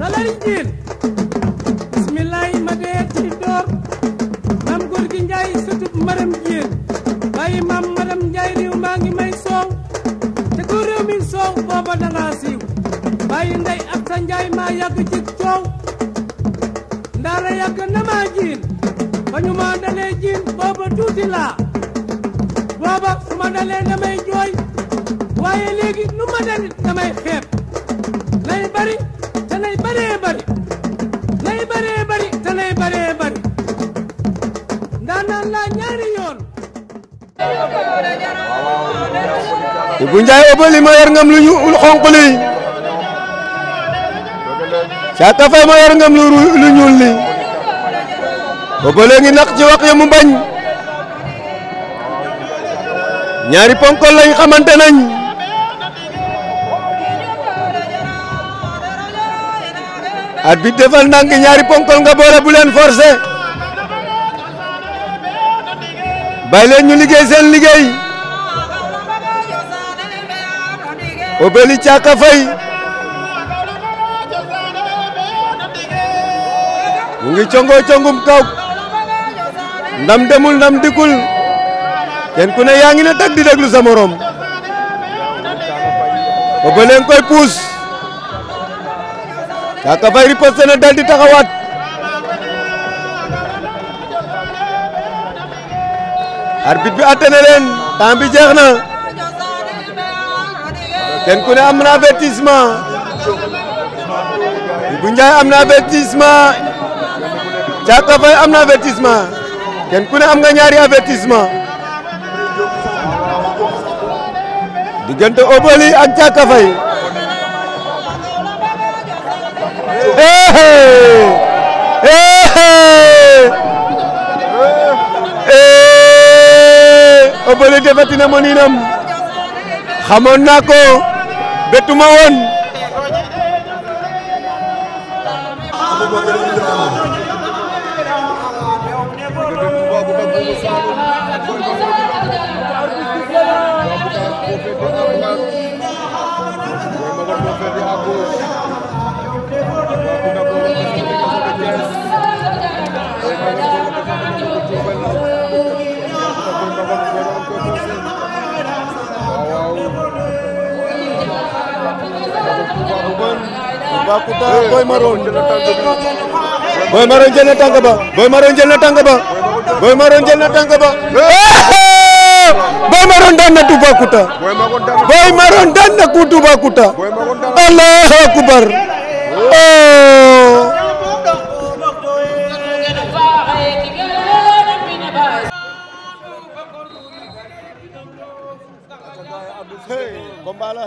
salari jiin bismillaay ma dee ci door maam góor njaay sutub maram jiin bàyyi maam maram njaay réew maa ngi may soow te ko mi soow booba danga siiw ndey ak sa njaay maa yàgg ci coow ndaara yàgg na maa jiin ba ñu maa tuuti laa booba su ma dalee damay jooy waaye léegi nu ma dalit damay xeeb Ibou Ndiaye Obali ma yar ngam lu ñu xonq li Thiatta Faye ma yar ngam lu ñuul li Obali ngi nak ci wax ya mu bañ ñaari ponkol lañ xamante nañ at bi defal ñaari bàyyi ñu liggéey seen liggéey Obéli Caaka Fay mu ngi congoo congum kaw ndam demul ndam dikul kenn ku ne yaa ngi ne tag di déglu sa morom Obéli leen koy puus Caaka Fay riposte na dal di taxawaat arbitre bi atte na leen bi jeex na kenn ku ne am na avertissement Ibou Ndiaye am na avertissement Thiaka Faye am na avertissement kenn ku ne am nga ñaari avertissement diggante Obali ak Thiaka Faye eh eh Obeuly defati na xamoon naa ko bettuma woon Toubacouta Boy Maroon Boy Maroon jël na tànk ba Boy Maroon jël na tànk ba Boy Maroon jël na tànk ba Boy Maroon daan na Toubacouta Boy Maroon daan na ku Toubacouta Allahu akbar oh Hey, combat la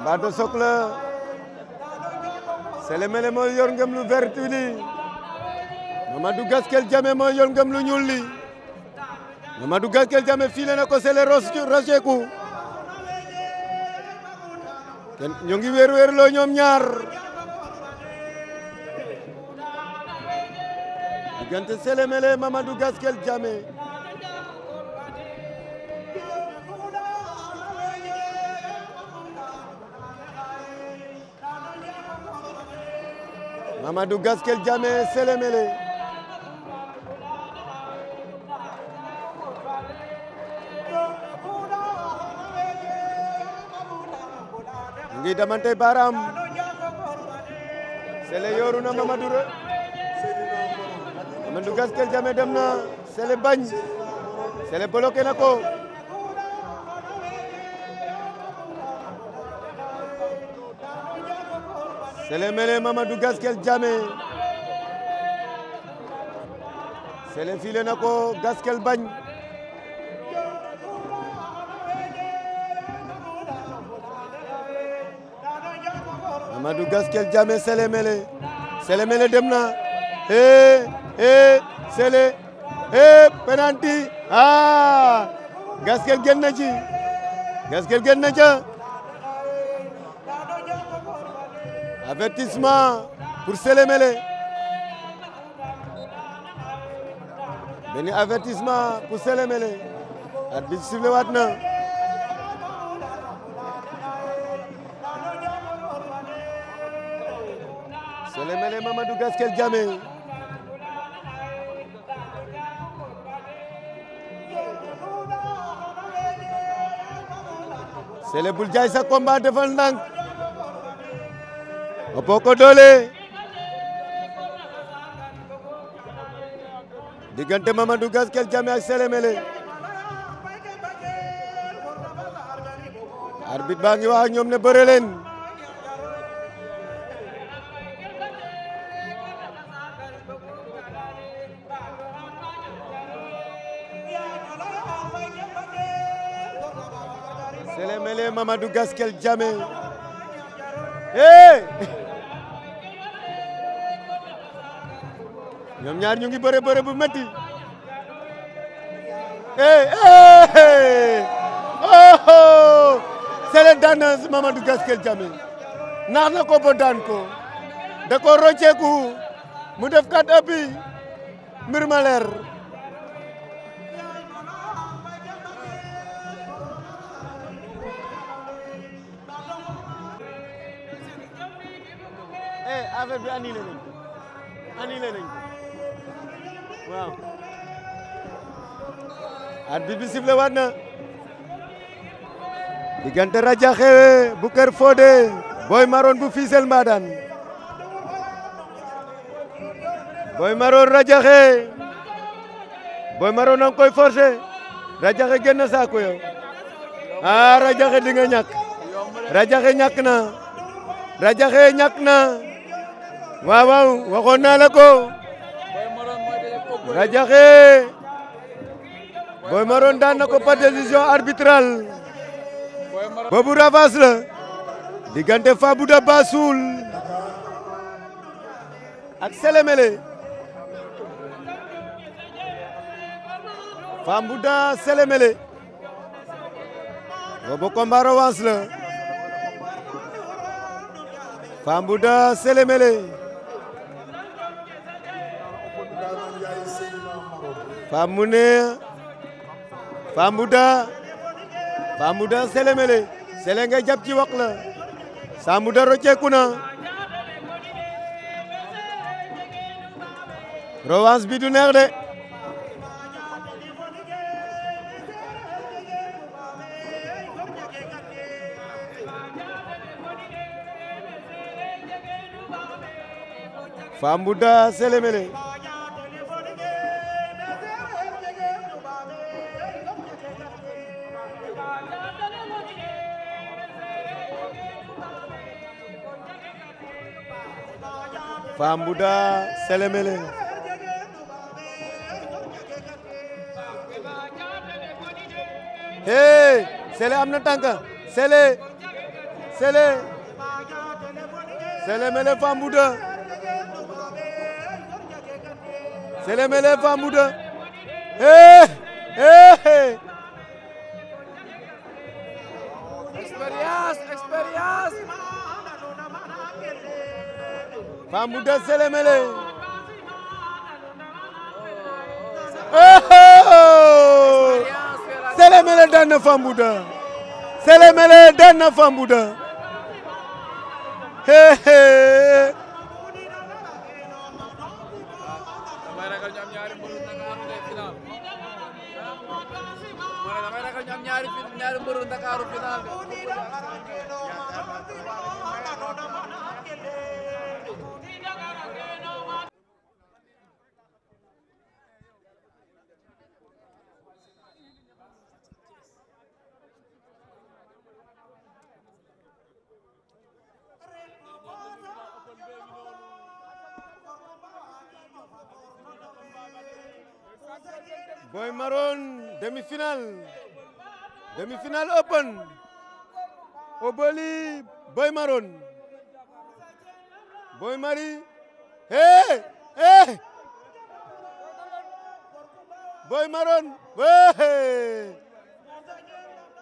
Mbaato Sokla Selemele mooy yor ngëm lu vert li Mamadou Gaskel Diame mooy yor ngëm lu ñuul li Mamadou Gaskel Diame file na ko Sele roceeku ñoo ngi wéer wéer loo ñoom ñaar diggante Sele Mele Mamadou Gaskel Diame Amadou Gaskel Diamé Sélémélé ngi damante baram Sélé yoru na Mamadou re Amadou Gaskel Diamé dem na Sélé bañ Sélé bloqué na ko sele mele Mamadou Gaskel Diamé sele file na ko Gaskel bañ Mamadou Gaskel Diamé sele mele sele mele dem na eh eh sele eh penalty ah Gaskel génn na ci Gaskel génn na Avertissement pour Sélémélé. Béni avertissement pour Sélémélé. arbitre sifflé Watna. na. Sélémélé Mamadou Gaskel Diamé. le le jaay sa combat devant l'angle. o Poko Dollé diggante Mamadou Gaskel Diame ak Sélémélé arbitre baa ngi wax ak ñoom ne bëre leen Sélémélé Mamadou Gaskel Diame hey ñoom ñaar ñu ngi bëre bëre bu metti hey hey oh c'est le danse Mamadou Gaskel Diame naax na ko ba daan ko da ko rocceeku mu def kat appi mirmaler affaire bi annulé nañ diggante Radiakhé bu Kër Fodé Boy Maroon bu Fissel Mbadan Boy Maroon Radiakhé Boy Maroon a ngi koy forcé Radiakhé génn saako yow ah Radiakhé di nga ñàkk na Radiakhé ñàkk na waaw waaw waxoon naa la ko Radiakhé Boy Maroon daan na ko par décision arbitrale boobu ravage la diggante Fabouda Bassoul ak Selemele Fabouda Selemele boobu combat revanche la Fabouda Selemele Famunea Famuda Famuda selemele sele nga jàpp ci wax la Samuda rocceeku na revanche bi du neex de Famuda c'est Fambuda Selemele. Hey, Sele amna tanka. Sele. Sele. C'est Fambuda. Selemele Fambuda. Hey! Hey! Expérience Expérience Famouda Sélémélé Sélémélé oh, oh. daan na Famouda Sélémélé daan na Famouda Boy Maroon demi final, demi final open Oboli Boy Maroon Boy Marie hey hey Boy Maroon hey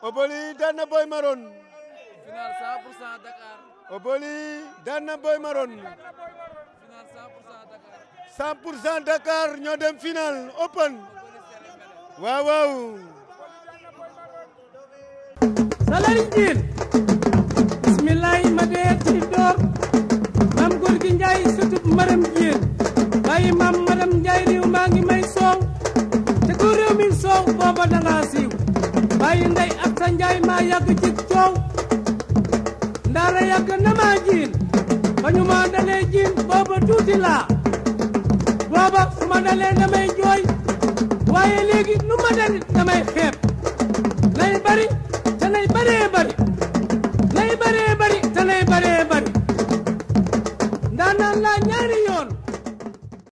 Oboli daan Boy Maroon. final 100% Dakar. Oboli daan Boy Maroon. final 100% Dakar. ñoo dem final open. ma dee ci door. Gorgui Ndiaye sutub maram jiyéen bàyyi maam maram Ndiaye réew maa ngi may soow te ku réew mi soow booba danga siiw bàyyi ndey ak sa Ndiaye maa yàgg ci coow ndaara yàgg na maa jiin ba ñu dalee jiin booba tuuti laa booba su ma dalee damay jooy waaye léegi nu ma dalit damay xeeb nay bari te nay bari nay baree bari te nay bari Ananla ne